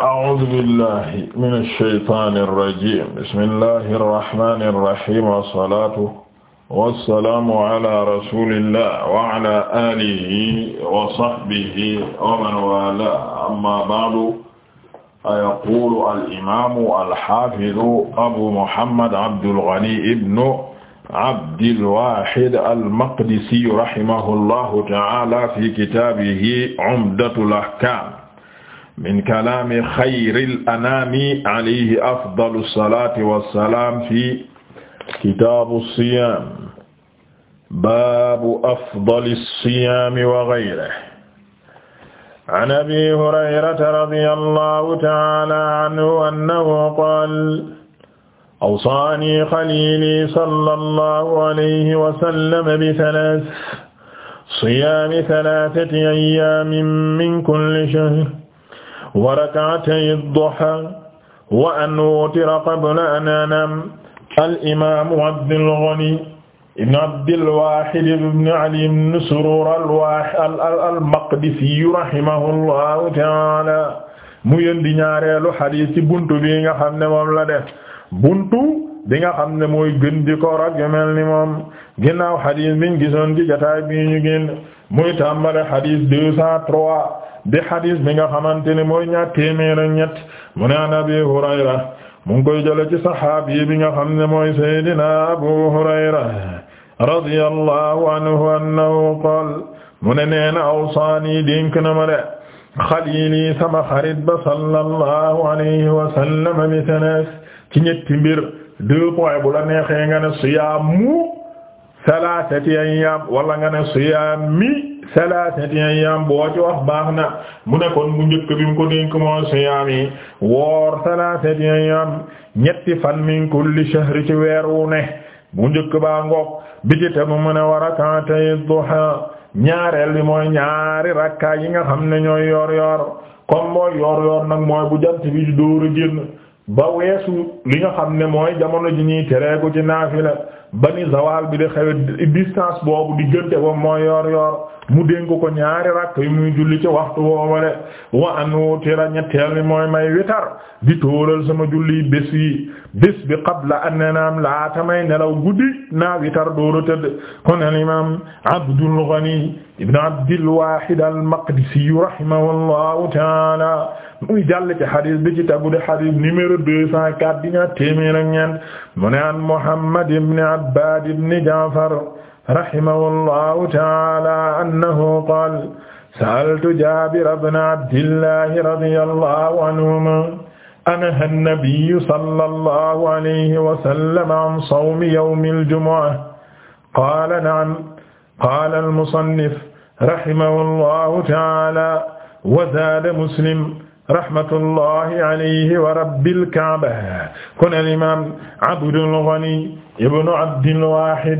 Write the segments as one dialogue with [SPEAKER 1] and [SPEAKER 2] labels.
[SPEAKER 1] أعوذ بالله من الشيطان الرجيم بسم الله الرحمن الرحيم والصلاة والسلام على رسول الله وعلى آله وصحبه ومن والاه أما بعد فيقول الإمام الحافظ أبو محمد عبد الغني بن عبد الواحد المقدسي رحمه الله تعالى في كتابه عمدة الأحكام min kalaami xayril anaami alayhi afdalu salaati wa salaam fi kitaabu siyaam baabu afdali siyaami wa xayrihi an abii hurayrata radiyallaahu ta'aalaa anhu annahu qaala awsaanii xaliilii sallallaahu alayhi wa sallam bi salaas siyaami salaasati ayyaamin min kulli shahr wa rak'atay ad-duha wa an wutira qabla an anam al-imaamu Abdul Ghani ibn Abdil Waahid ibn Ali ibn Surur al-Maqdisi rahimahullahu ta'ala mu yëndi ñaareelu xadiis ci buntu bi nga xam ne moom la def buntu bi nga xam ne mooy gën di ko rag yu mel ni moom ginnaaw xadiis biñ gisoon ci jotaay bi ñu génn muy tàmbale xadis deux cent trois bi nga xamante ne mooy ñaar téeméer ak ñett mu ne an Abi Hurayra koy jële ci saxaabi bi nga xam ne mooy Seydina Abu Hurayra radiyallahu anhu annahu qaala mu ne nee na awsaani na ma de xaliili sama xarit ba sallallahu alayhi wa sallam bi ci ñetti mbir deux points bu la neexee nga ne siyaamu salatati ayyam wala nga ne siyaami salatati ayyam boo ci wax baax na mu ne kon mu njëkk bi mu ko dénk moo siyaami woor salatati ayyam ñetti fan min kulli shahri ci weer wu ne mu njëkk baa ngoog bi ci tegu mu ne wa rak'atay duha ñaareel bi mooy ñaari rakkaa yi nga xam ne ñooy yor yor kon mooy yor yor nag mooy bu jant bi di a génn ba weesu li nga xam ne mooy jamono ji ñuy tereeku ci naafila ba ni zawal bi di xewe distance boobu diggante ba mooy yor yor mu dénk ko ñaari rakk yu muy julli ci waxtu woowale wa an wutira ñetteel ni mooy may witar di tóoral sama julli bés yi bi qabla an nanaam laata may nelaw guddi naa witar dóora tëdd kon al imam Abdul Ghani ibn Abdil Wahid al Maqdisi rahimahullahu taala muy jàll ci xadis bi ci tegu di xadis numéro deux cent quatre di ñaar téeméer ak ñeent mu ne an Muhammad ibn Abbad ibn Ja'far rahimahullahu ta'ala annahu qaala sa'altu Jaabir ibn Abdillah radiyallahu anhuma anaha an-nabiyyu sallallahu alayhi wa sallam an sawmi yawmil jumu'a qaala na'am qaala al-musannif rahimahullahu ta'ala wa zaada Muslim rahmatullahi alayhi wa rabbil kaaba kon al imaam Abdul Ghani ibnu Abdil Wahid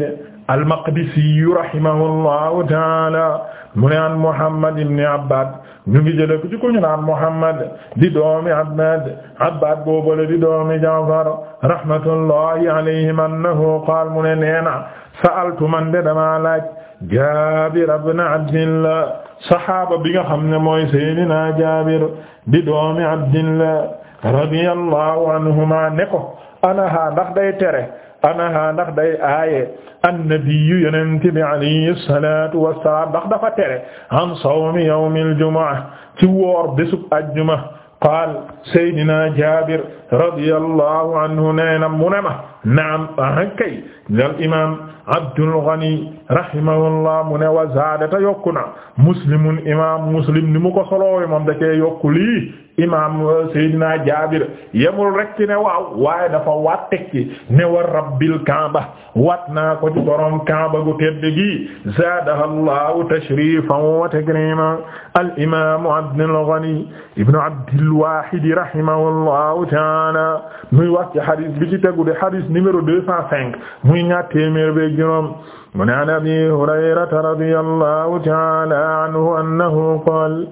[SPEAKER 1] al-Maqdisi rahimahullahu ta'ala mu ne an Muhammad ibn Abbad ñu ngi jëlee ko ci ko ñu naan Muhammad di doomi Abbad Abbad boobale di doomi Ja'far rahmatullahi alayhim annahu qaal mu ne neena sa'altu man de dama laaj Jaabir ibn Abdillah saxaaba bi nga xam ne mooy Seydina Jaabir di doomi abdillah radiyallahu anhuma ne ko anaha ndax day tere anaha ndax day aaye annabiyu yenente bi alayhi salatu wassalam ndax dafa tere an sawmi yawmil jumaa ci woor bésub ajjuma qaal seydina jabir radiyallahu anhu nee na mu ne ma naam ah, kay al imaam Abdul Ghani rahimahullah mu ne wa zaada te yokku na muslimun imaam muslim ni mu ko soloowe moom da cee yokku lii imaam uh, Seydina Jaabir yemul rek ci ne waaw waaye dafa waat tekki ne wa rabbil kaaba waat naa ko ci borom kaaba gu tedd gi zaadaha Allahu tashrifan wa takriman al imaam Abdul Ghani ibn Abdil Waahid rahimahullahu ta'ala muy wax ci hadith bi ci tegu de hadith numéro deux cent cinq muy ñaar téeméer beeg juróom mu ne an abi hurayrata radiyallahu ta'ala anhu annahu qaala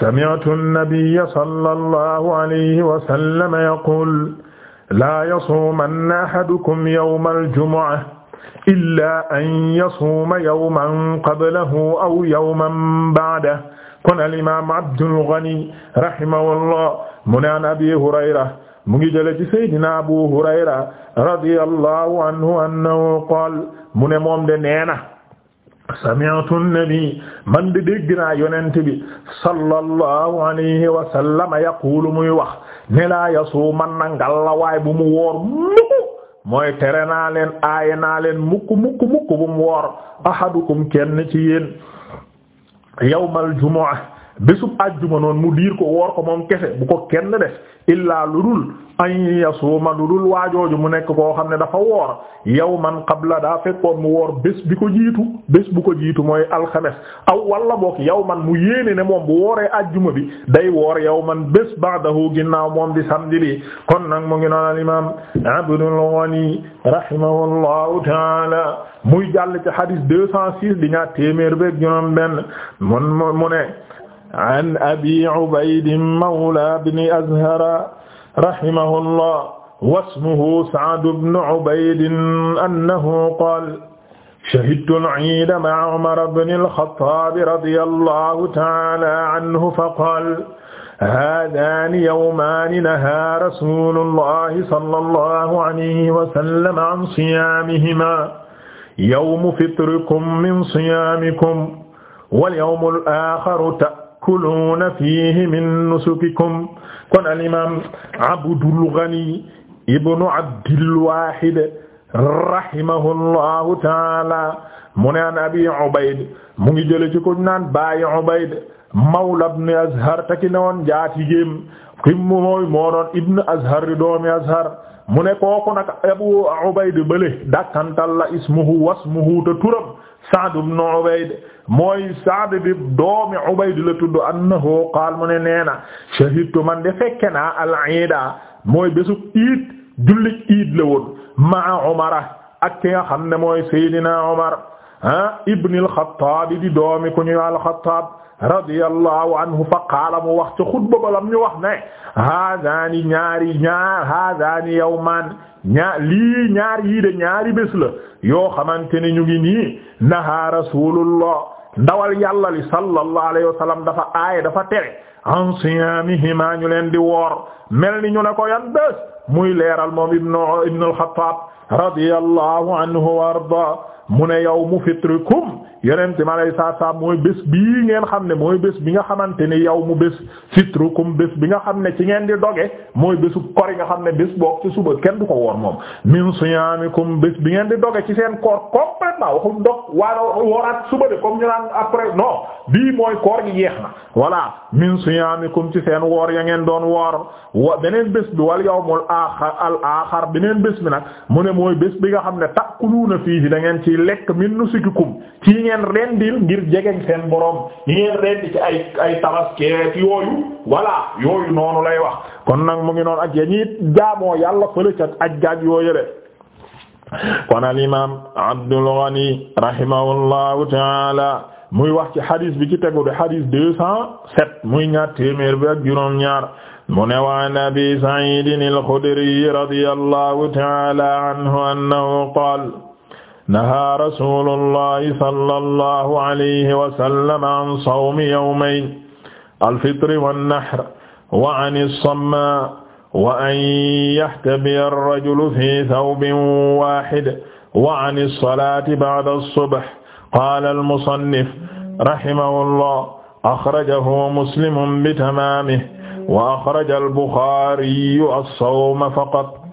[SPEAKER 1] sami'tu an-nabiyya sallallahu alayhi wa sallam yaqulu laa yasuumanna ahadukum yawma al-jumu'ati illaa an yasuuma yawman qablahu aw yawman ba'dahu kon al-imaam Abdul Ghani rahimahullah mu ne an abi Hurayra mu ngi jële ci saydina abu hurayra radiyallahu anhu annahu qaal mu ne moom de neena sami'tu an man de dégg naa bi sallallahu alayhi wa sallam yaqulu muy wax ne laa yasuuman na ngal la waay bu mu woor mukku mooy tere naa leen aaye naa leen mukku mukku mukku bu mu woor ahadukum kenn ci yéen yawmal jumu'ah bésub àjjuma noonu mu diir ko woor ko moom kese bu ko kenn def illaa lu dul an yasuuma lu dul waajooju mu nekk koo xam ne dafa woor yawman qabla daa fekkoon mu woor bés bi ko jiitu bés bu ko jiitu mooy alxames aw walla boog man mu yéene ne moom bu wooree àjjuma bi day woor man bés ba'dahu ginnaaw moom di samedi bi kon nag mu ngi noon al Abdul Ghani rahimahullahu taala muy jàll ci hadis deux cent six di ñaar téeméer beeg juróom benn mun mu ne an abi ubayd mawla bni azhara rahimahullah wasmuhu saadu bnu ubaydin annahu qaal shahidtu al-iida ma'a umara bni al-xattaab radiyallahu ta'aala anhu faqaal haadaani yawmaani nahaa rasuulullahi sallallahu alayhi wa sallam an siyaamihimaa yawmu fitrikum min siyaamikum wal yawmul aaxaru taakuluuna fiihi min nusukikum kon al imaam Abdul Ghani ibnu Abdil Waahid rahimahullahu taala mu ne an abi Ubayd mu ngi jële ci ko naan baayi Ubayd mawla ibn Azhar taki ne woon njaatigéem kim mooy moo doon ibn Azhar di doomi Azhar mu ne kooku nag Abu Ubayd bële dàkkantal la ismuhu wasmuhu te turam Sa'd ibn Ubayd mooy Sa'd bi doomi Ubayd la tudd annahu qaal mu ne nee na shahidtu man de fekke naa al-iida mooy bésu iid jullit iid la woon ma'a Umar ak ki nga xam ne mooy Seydina Umar ah ibn al-Khattab di doomi ku ñuy al-Khattab radiyallahu anhu fa qaala mu wax ca xutba balam ñu wax ne haadaani ñaari ñaar haadaani yawmaan ñaar lii ñaari bés la yoo xamante ni ñu ngi nii naha rasulullah ndawal yàlla li sallallahu alayhi wa sallam dafa aaye dafa tere an siyaamihima ñu leen di woor mel ni ñu ne ko yan bés muy leeral moom ibnu ibnu al-Xattaab radiyallahu anhu wa arda mu ne yawmu fitrikum yeneen ci ma lay saa saa mooy bés bii ngeen xam ne mooy bés bi nga xamante ni yow mu bés fitrukum bés bi nga xam ne ci ngeen di doge mooy bésu kor nga xam ne bés boog ci suba kenn du ko woor moom min siyaamikum bés bi ngeen di doge ci seen koor complètement waxum dog waa wooraat suba de comme ñu naan après non bii mooy koor gi jeex na voilà min siyaamikum ci seen woor ya ngeen doon woor beneen bés bi wal yawmul aaxar al aaxar beneen bés bi nag mu ne mooy bés bi nga xam ne takuluuna fii da ci lekk min nusukikum ngeen rendil ngir jegeñ seen borom ñi ngeen rendi ci ay ay tabaskeek yooyu voilà yooyu noonu lay wax kon nag mu ngi noonu ak ya ñi jaamoo yàlla fële ca aj gaaj yooyule kon al imaam Abdul Ghani rahimahullahu taala muy wax ci hadith bi ci tegu de hadith deux cent sept muy ñaar téeméer bi ak juróom ñaar mu ne waan abi Sa'id al-Khudri radiyallahu taala anhu annahu qaala nahaa rasulullahi sallallahu alayhi wa sallam an sawmi yawmayn alfitri wannahr wa ani samma wa an yahtabiya arrajulu fi thawbin waahid wa ani salaati ba'da as-subh qaala al-musannif rahimahullah axrajahu muslimun bitamaamihi wa axraja al-buxaariyu as-sawma faqat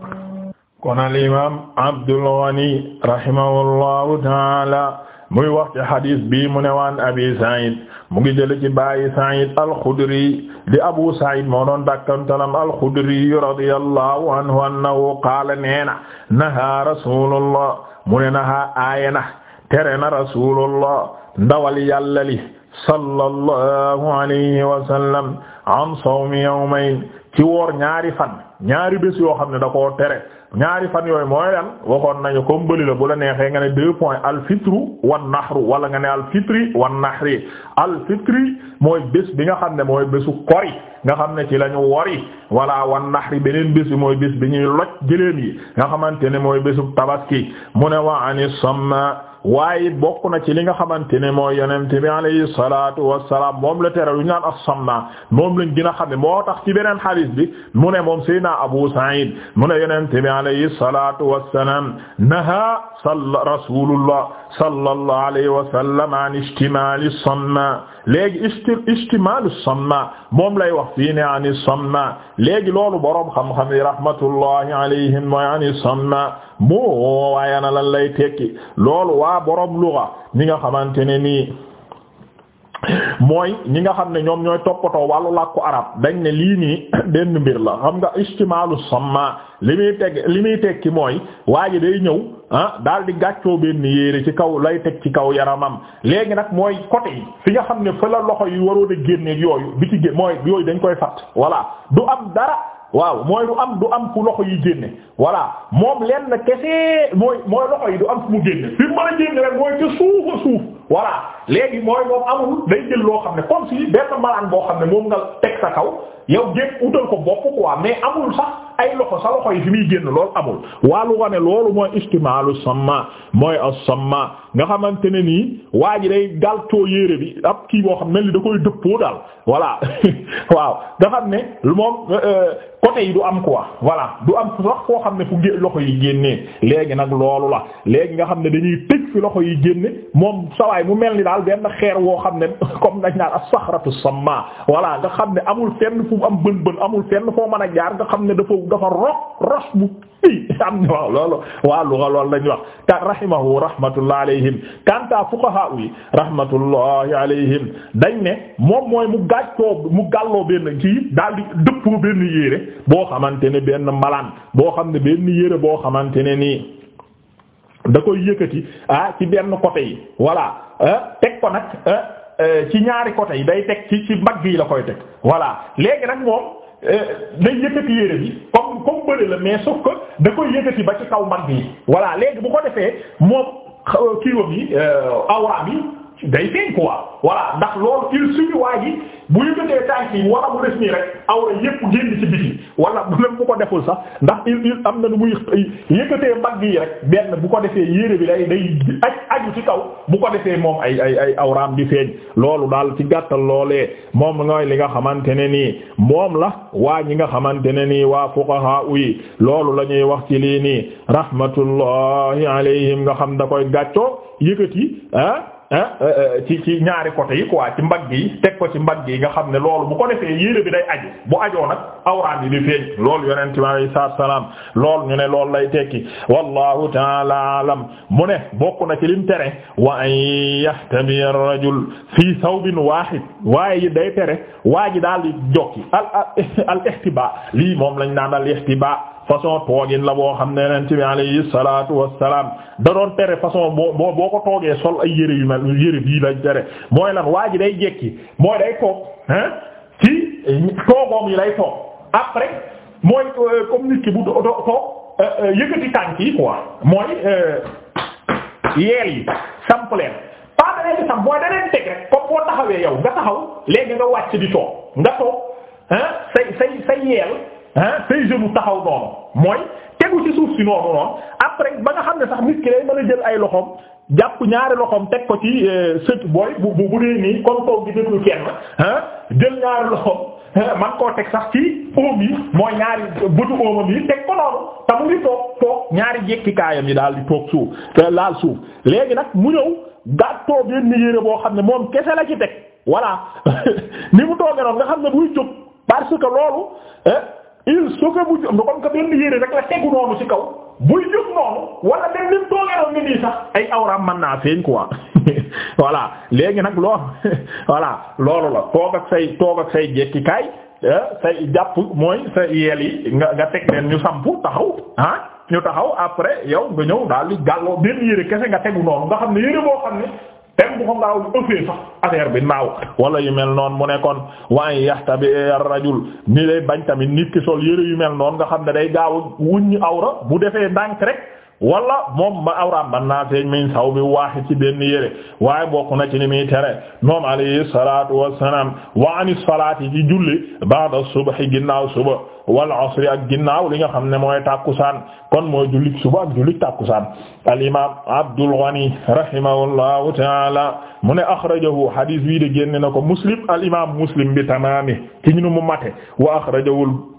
[SPEAKER 1] kon al imam Abdul Ghani rahimahullahu taala muy wax ci xadis bi mu ne waan abi Saïd mu ngi jële ci bàyyi Saïd al-Khudri di Abu Saïd moo doon dakkantalam al-Khudri radiyallahu anhu annahu qaala neena naha rasulullah mu ne naha aayana tere na rasulullah ndawal yàlla li sallallahu alayhi wa sallam an sawmi yawmayn ci woor ñaari fan ñaari bés yoo xam ne da koo tere ñaari fan yooyu mooy lan waxoon nañu comme bëli la bu la neexee nga ne deux points al fitru wan nahru wala nga ne al fitri wan nahri al fitri mooy bés bi nga xam ne mooy bésu kori nga xam ne ci lañu ñu wori wala wan nahri beneen bés bi mooy bés bi ñuy loj jëleen yi nga xamante ne mooy bésu tabaski mu ne wa ani sama waaye it bokk na ci li nga xamante ne mooy yonent bi alayhi salaatu wassalaam moom la tere lu ñu naan as moom lañ gën a xam ne moo tax ci beneen xadiis bi mu ne moom Seydina Abu Sa'id mu ne yonent bi alayhi salaatu wassalaam naha salla rasulullah sallallahu alayhi wa sallam an ishtimal as-samma léegi isti istimalu samma moom lay wax fii ne ani samma léegi loolu boroom xam-xam yi rahmatullahi alayhim mooy ani samma moo waayana lan lay tekki loolu waa boroom luga ñi nga xamante ne nii mooy ñi nga xam ne ñoom ñooy toppatoo wàllu làkku arab dañ ne lii nii benn mbir la xam nga istimaalu samma li muy teg li muy tekki mooy waaye day ñëw ah daal di gàccoo benn yéere ci kaw lay teg ci kaw yaramam léegi nag mooy côté yi fi nga xam ne fa loxo yi waroon a génneeg yooyu bi ci gén mooy yooyu dañ koy fat voilà du am dara waaw mooy du am du am fu loxo yi génne voilà moom lenn kese mooy mooy loxo yi du am fu mu génne fi mu mën a génne rek mooy te suufa suuf voilà léegi mooy moom amul day jël loo xam ne comme si benn malaan boo xam ne moom nga teg sa kaw yow génn utal ko bopp quoi mais amul sax ay loxo sa loxo yi fi muy génn loolu amul waalu wane loolu mooy istimaalu samma mooy as-samma nga xamante ne nii waa ji day galtoo yére bi ab kii boo xam ne li da koy daal voilà waaw nga xam ne moom euh, côté yi am quoi voilà du am sax foo xam yi génnee léegi nag loolu la léegi nga xam ne dañuy tëj fi loxo yi génne moom sawaay waaye mu mel ni daal benn xeer woo xam ne comme dañ naan a saxratu samma voilà nga xam ne amul fenn fu am bën bën amul fenn foo man a jaar nga xam ne dafa dafa rox rox bu i am na waaw loolu waa luga loolu lañ wax ta rahimahu rahmatullah alayhim kanta fuqaha yi rahmatullahi alayhim dañ ne moom mooy mu gàccoo mu gàlloo benn kii daal di dëppoo benn yére boo xamante ne benn malaan boo xam ne benn yére boo xamante ne nii da koy yëkkati ah ci benn côté yi voilà ah, teg ko nag ah, eh, ci ñaari côté yi day teg ci ci mbagg yi la koy teg voilà léegi nag moom eh, day yëkkati yére bi comme comme bëri la mais soog ko da koy yëkkati ba ci kaw mbagg yi voilà léegi bu ko defee moom kiiwam yi eh, awraam yi day feeñ quoi voilà ndax loolu il suñu waa ji bu yëkkatee tànk yi wala mu def nii rek awra yépp génn ci biti wala bu leen bu ko deful sax ndax il il am na nu muy yëkkatee mbagg yi rek benn bu ko defee yére bi day day aj aju ci kaw bu ko defee moom ay ay ay awraam di feeñ loolu daal ci gàttal loolee moom nooy li nga xamante ne nii moom la waa ñi nga xamante ne nii waa fuqaha yi loolu la ñuy wax ci lii nii rahmatullahi alayhim nga xam da koy gàccoo yëkkati ah, Euh, ci ci ñaari côté yi quoi ci mbagg yi teg ko ci mbagg yi nga xam ne loolu bu ko defee yére bi day aju bu ajoo nag awraan yi di feeñ loolu yonent bi alayhi salaam loolu ñu ne loolu lay tekki wallahu taala alam mu ne bokk na ci lim tere wa an yahtami ar-rajul fii thawbin wahid waaye yi day tere waa ji daal di jokki al al ihtiba lii moom lañ naan al ihtiba façon toogin la boo xam ne yonent bi alayhi salaatu wassalaam da doon tere façon boo boo ko toogee sol ay yére yu mel yére bii lay tere mooy lan waa ji day jekki mooy day toog hein ci toogoom yi lay toog après mooy euh, comme nit ki bu do- toog euh, euh, yëkkati tànk yi mooy yeel yi sampleen pas da leen di mooy da leen teg rek comme boo taxawee yow nga taxaw léegi nga wàcc di toog nga toog hein say say say ah say genoux taxaw noonu mooy tegu ci suuf si noonu noonu après ba nga xam ne sax nit ki lay mën a jël ay loxoom jàpp ñaari loxoom teg ko ci euh, sët booy bu bu bu dee nii comme toog gi ñaari loxoom man koo teg sax ci oom yi ñaari bëtu yi ko noonu te mu ngi toog toog ñaari jekki yi daal di toog suuf laal suuf léegi nag mu ñëw gàttoo benn yére boo xam ne moom kese la ci teg voilà ni mu toogee noonu nga xam ne buy jóg parce loolu il suffit bu jëm comme que benn yére rek la tegu noonu ci kaw buy jóg noonu wala benn ni mu toogeeroon ni nii sax ay awraam mën naa feeñ quoi voilà léegi nag loolu loolu la toog say toog ak say jekki kaay eh, jàpp mooy sa yeel yi nga teg leen ñu sampu taxaw ah ñu taxaw après yow nga ñëw daal di gàlloo benn yére kese nga tegu noonu nga xam ne yére boo xam ne même bu ko ngaaw ëffee sax affaire bi naaw wala yu mel noon mu nekkoon waaye yaxta bi rajul ni lay bañ tamit nit ki sol yëre yu mel noonu nga xam ne day gaaw wuññi awra bu defee ndànk rek wala moom ma awra man naa feeñ min saw bi waaxid ci benn yére waaye bokk na ci ni muy tere moom alayhi salaatu wassalaam wa ani salaati ci julli ba'da subhi ginnaaw suba wal asri ak ginnaaw li nga xam ne mooy tàkkusaan kon mooy julli suba ak julli tàkkusaan al imaam Abdul Ghani rahimahullahu taala mu ne akhrajahu hadis bii de génne na ko muslim al imaam muslim bi tamaami ci ñu mu mate wa akhrajahu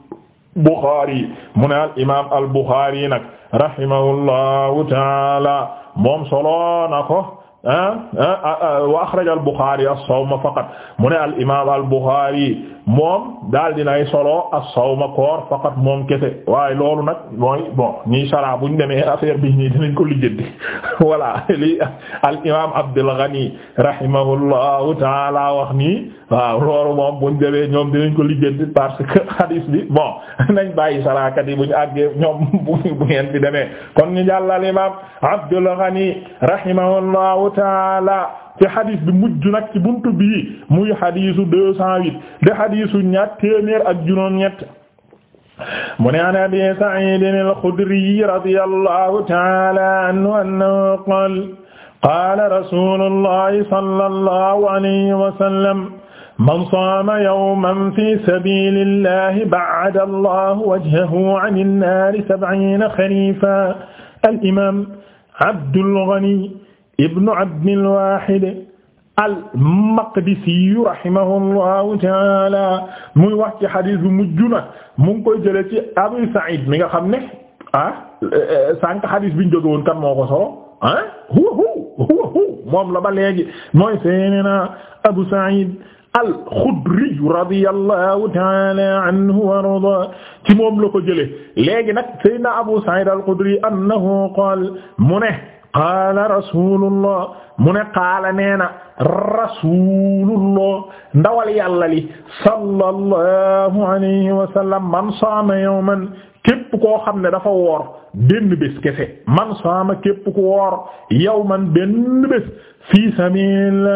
[SPEAKER 1] Bukhari mu ne al imaam al Bukhari nag rahimahullahu taala moom solo na ko ah ah, ah wa axraja al Bukhari as-sawma faqat mu ne al imaam al Bukhari moom daal dinay solo as-sawma koor faqat moom kese waaye loolu nag mooy bon ñii sara buñ demee affaire bi ñii dinañ ko lijjanti voilà li al imam Abdul Ghani rahimahullahu taala wax nii waaw loolu moom buñ demee ñoom dinañ ko lijjanti parce que hadis bi bon nañ bàyyi sarakat yi buñ àggee ñoom bu ngeen bi demee kon ñu jàll al imam Abdul Ghani rahimahullahu taala ci xadis bi mujj nag ci buntu bii muy xadisu deux cent huit de xadisu ñaar téeméer ak juróom ñett mu ne an abi saidin alxudriyi radiyallahu taala anhu annahu qaal qaala rasulullahi sallallahu alayhi wa sallam man saama yawman fi sabilillahi ba'ada allahu wajhahu an innaari sab'iina xariifa al imam Abdul Ghani ibnu abdil wahid al-Maqdisi rahimahullahu taala muy wax ci xadis bu mujj na mu ngi koy jëlee ci Abu Saïd mi nga xam ne ah sànq xadis bi ñu jóge woon kan moo ko solo ah huwa huwa moom la ba léegi mooy seenena Abu Saïd al-Xudri radiyallahu taala anhu wa arda ci moom la ko jëlee léegi nag Seydina Abu Saïd al-Xudri annahu qaala mu ne qaala rasulullah mu ne qaala nee na rasulullah ndawal yàlla li sallallahu alayhi wa sallam man saama yawman képp koo xam ne dafa woor benn bés kese man saama képp ku woor yawman benn bés fii sabil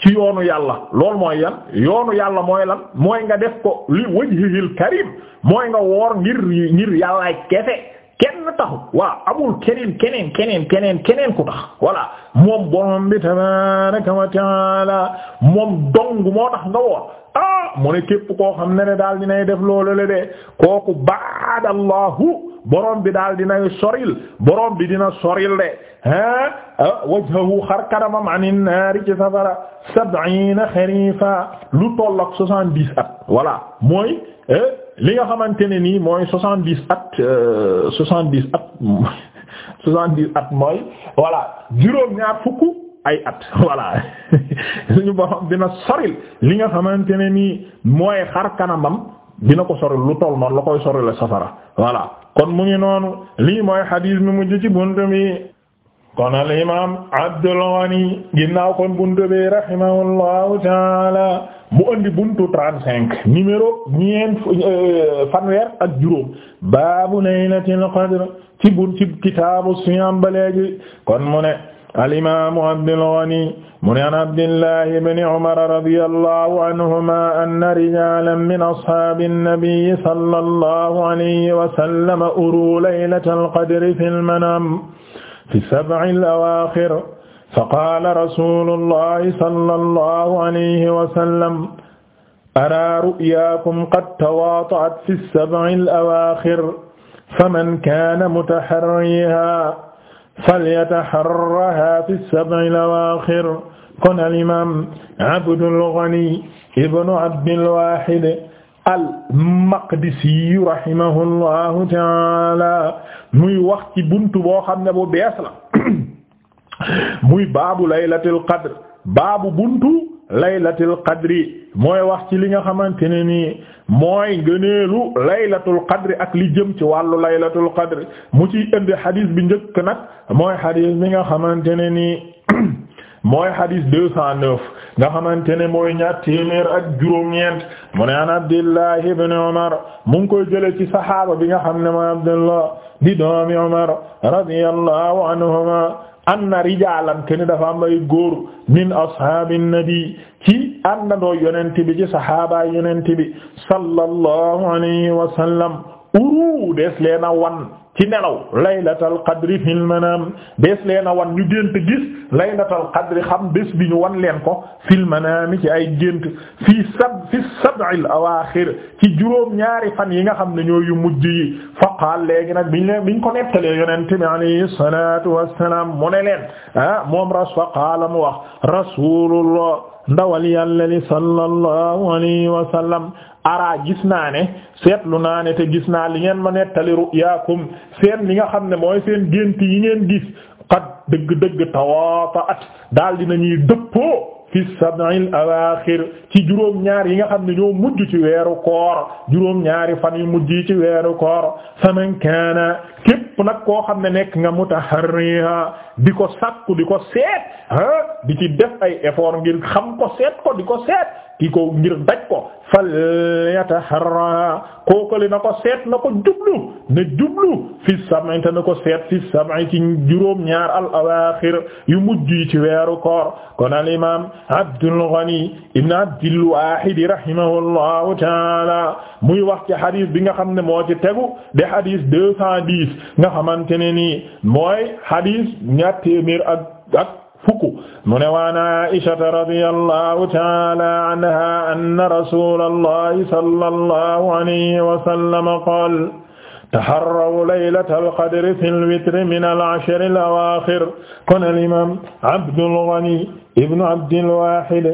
[SPEAKER 1] ci yoonu yàlla loolu mooy yan yoonu yàlla mooy lan mooy nga def ko li wajhihil karim mooy nga woor ngir ngir yàllaay kese kenn taxu waaw amul keneen keneen keneen keneen keneen ku tax voilà moom borom bi tabaraka wa taala moom dong moo tax nga woor ah mu ne képp koo xam ne ne daal dinay def loolu le de kooku baadallahu borom bi daal dinay soril borom bi dina soril de ah, ah wajhahu xar kanamam anin naari safara sab'ina xarifa lu toll ak soixante-dix at voilà mooy eh li nga xamante ne nii mooy soixante dix at euh, soixante dix at soixante dix at mooy voilà juróom ñaar fukk ay at voilà suñu borom dina soril li nga xamante ne nii mooy xar kanamam dina ko soril lu toll noonu la koy soril safara voilà kon mu ngi noonu lii mooy xadiis mi mujj ci buntu mi kon al imaam Abdul Ghani ginnaaw kon buntu bi rahimahullahu taala mu andi buntu 35 numéro ñeent euh, fanweer ak juróom baabu laylatil qadr ci bun ci kitaabu siyaam ba léegi kon mu ne al imaamu Abdul Ghani mu ne an Abdillah ibn Umar radiyallahu anhuma anna rijaalan min ashaabin nabiy sallallahu alayhi wa sallam uru laylatal qadr fil manaam fi sab'il awaaxir faqaala rasuulullahi sallallahu alayhi wa sallam araa ru'yaakum qad tawaata'at fi sab'il awaaxir faman kaana mutaharrihaa falyataharrahaa fi sab'il awaaxir kon al imaam Abdul Ghani ibnu Abdil Waahid al-Maqdisi rahimahullahu taala muy wax ci buntu boo xam ne bu bees la muy baabu laylatul qadr baabu buntu laylatul qadri mooy wax ci li nga xamante ne nii mooy gëneelu laylatul qadri ak li jëm ci wàllu laylatul qadri mu ci indi xadiis bi njëkk nag mooy xadiis bi nga xamante ne nii mooy hadis deux cent neuf xamante ne mooy ñaar téeméer ak juróom-ñeent mu an Abdullah ibn Umar mu ngi koy jële ci saxaaba bi nga xam ne mooy Abdullah di doomi Umar radiyallahu anhuma anna rijalan dafa am ay góor min ashaabin nabi ci àndandoo yonent bi ci saxaaba yonent bi sallallahu alayhi wa sallam uru dees leen wan ci nelaw laylatal qadri fil manam dees leen a wan ñu gént gis laylatal qadri xam bés bi ñu wan leen ko fil manami ci ay gént fii sab fi sab'il awaaxir ci juróom ñaari fan yi nga xam ne ñooyu mujj yi faqaal léegi nag biñ leen biñ ko nettalee yonent bi alayhi salaatu wassalaam mu ne leen ah moom ras faqaala mu wax rasulullah ndawal yàlla li sallallahu alayhi wa ara gis naa ne seetlu naa ne te gis naa li ngeen ma nettali ru'yaakum seen li nga xam ne mooy seen gént yi ngeen gis qad dëgg-dëgg tawaata'at daal dina ñuy dëppoo fi sab'il awaaxir ci juróom ñaar yi nga xam ne ñoo mujj ci weeru koor juróom ñaari fan yu mujj ci weeru koor faman kaana képp nag koo xam ne nekk nga mutaharriha di ko sakku di ko seet ah di ci def ay effort ngir xam ko seet ko di ko seet ki ko ngir daj ko fal yataharra kookali na ko seet na ko jublu na jublu fi sam'i te na ko seet fi sam'i ci juróom ñaar al awaaxir yu mujj yi ci weeru koor kon al Abdul Ghani ibn Abdil Waahid rahimahullahu taala muy wax ci hadith bi nga xam ne moo ci tegu de hadith deux cent nga xamante ne nii mooy hadis ñaar téeméer ak ak fukk mu ne waan Aisha radiyallahu ta'ala anha anna rasulallahi sallallahu alayhi wa sallam qala taharraw laylatal qadri fil witri minal ashril awaaxir kon al imaam Abdul Ghani ibnu Abdil Waahid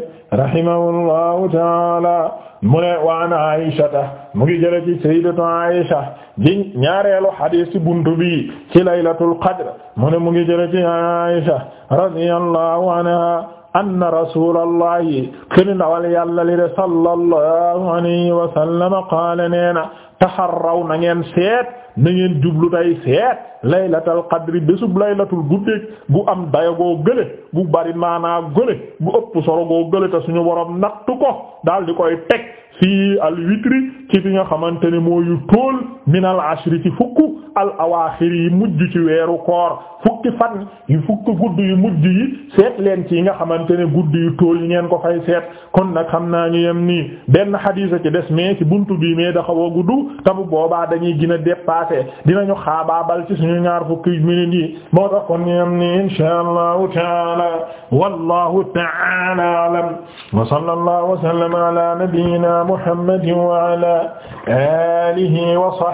[SPEAKER 1] rahimahullahu ta'aala mu ne wa an Aysata mu ngi jële ci sayyidatu Aysa di ñaareelu hadiis ci buntu bi ci laylatul qadr mu ne mu ngi jële ci Aysa radiyallahu anha anna rasulallahi kene ndawal yàlla li de sallallahu alayhi wa sallam qaala nee na taxarraw na ngeen seet na ngeen jublu tay seet laylatal qadri bésub laylatul guddeeg bu am dayagoo gële bu bari maanaa gële bu ëpp sorogoo gële te suñu borom nattu ko daal di koy teg fii al witri ci fi nga xamante ne mooyu tóol minal ashri ci fukk al awaaxir yi mujj ci weeru koor fukki fan yu fukki gudd yu mujj yi seet leen ci yi nga xamante ne gudd yi tool yi ngeen ko fay seet kon nag xam naa ñu yem nii benn xadiisa ci des mais ci buntu bi mais dafa wa gudd tabu boobaa dañuy gën a dépasser dinañu xaabaabal ci suñu ñaar fukki minutes yi moo tax kon ñu yem nii inshaa allahu taala wallahu taala alam wa sallallahu wa sallama ala nabiyyina muhammadin wa ala wa sahbihi